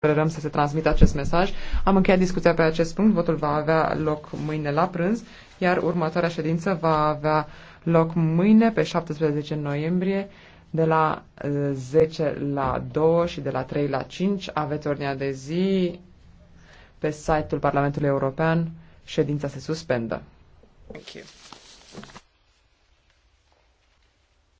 Sperăm să se transmită acest mesaj. Am încheiat discuția pe acest punct. Votul va avea loc mâine la prânz, iar următoarea ședință va avea loc mâine pe 17 noiembrie de la 10 uh, la 2 și de la 3 la 5. Aveți ordinea de zi pe site-ul Parlamentului European. Ședința se suspendă. Thank you.